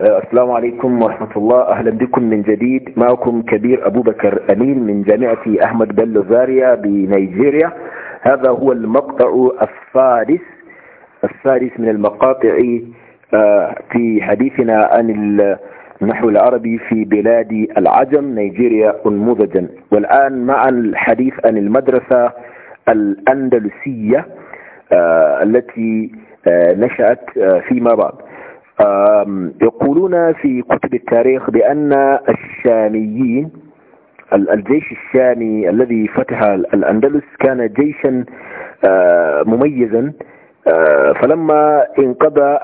السلام عليكم ورحمة الله أهلا بكم من جديد معكم كبير أبو بكر أمين من جامعة أحمد بلوزاريا بنيجيريا هذا هو المقطع الثالث الثالث من المقاطع آه، في حديثنا عن النحو العربي في بلاد العجم نيجيريا أنموذجا والآن مع الحديث عن المدرسة الأندلسية آه، التي آه، نشأت فيما بعد يقولون في كتب التاريخ بأن الشاميين الجيش الشامي الذي فتح الأندلس كان جيشا مميزا فلما انقضى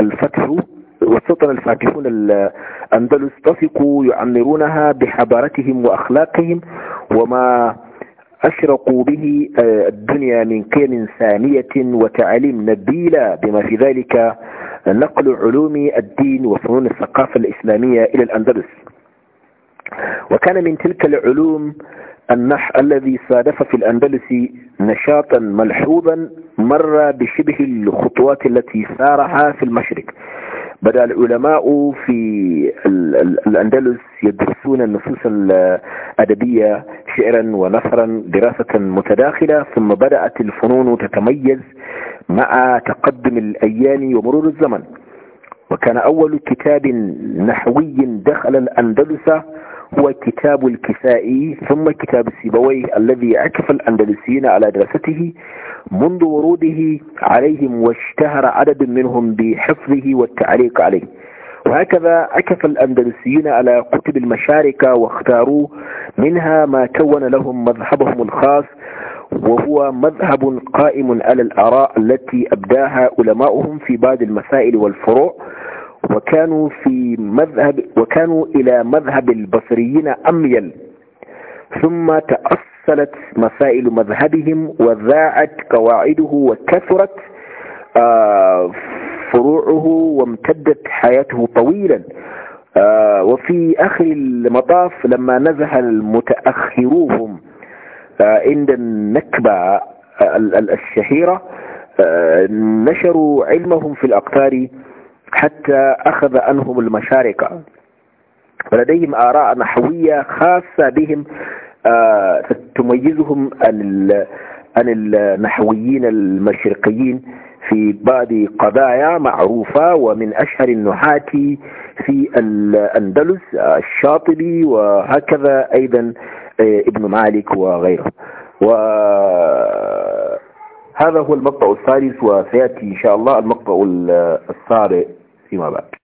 الفتح والسلطنة الفاتحون الأندلس طفقوا يعمرونها بحضارتهم وأخلاقهم وما أشرقوا به الدنيا من قيم سامية وتعاليم نبيلة بما في ذلك نقل علوم الدين وفنون الثقافة الإسلامية إلى الأندلس وكان من تلك العلوم النح الذي صادف في الأندلس نشاطا ملحوظا مر بشبه الخطوات التي سارها في المشرق بدأ العلماء في الأندلس يدرسون النصوص الأدبية شعرا ونثرا دراسة متداخلة ثم بدأت الفنون تتميز مع تقدم الأيام ومرور الزمن وكان أول كتاب نحوي دخل الأندلس هو كتاب الكسائي ثم كتاب السيبويه الذي عكف الأندلسيين على دراسته منذ وروده عليهم واشتهر عدد منهم بحفظه والتعليق عليه وهكذا عكف الأندلسيين على كتب المشاركة واختاروا منها ما كون لهم مذهبهم الخاص وهو مذهب قائم على الآراء التي أبداها علماؤهم في بعض المسائل والفروع وكانوا في مذهب وكانوا إلى مذهب البصريين أميل ثم تأصلت مسائل مذهبهم وذاعت قواعده وكثرت آه، فروعه وامتدت حياته طويلا آه، وفي آخر المطاف لما نزح المتأخروهم آه، عند النكبة آه، الشهيرة آه، نشروا علمهم في الأقطار حتى أخذ عنهم المشارقة ولديهم آراء نحوية خاصة بهم تميزهم عن النحويين المشرقيين في بعض قضايا معروفة ومن أشهر النحاة في الأندلس الشاطبي وهكذا أيضا إيه، ابن مالك وغيره وهذا هو المقطع الثالث وسيأتي إن شاء الله المقطع الثالث فيما بعد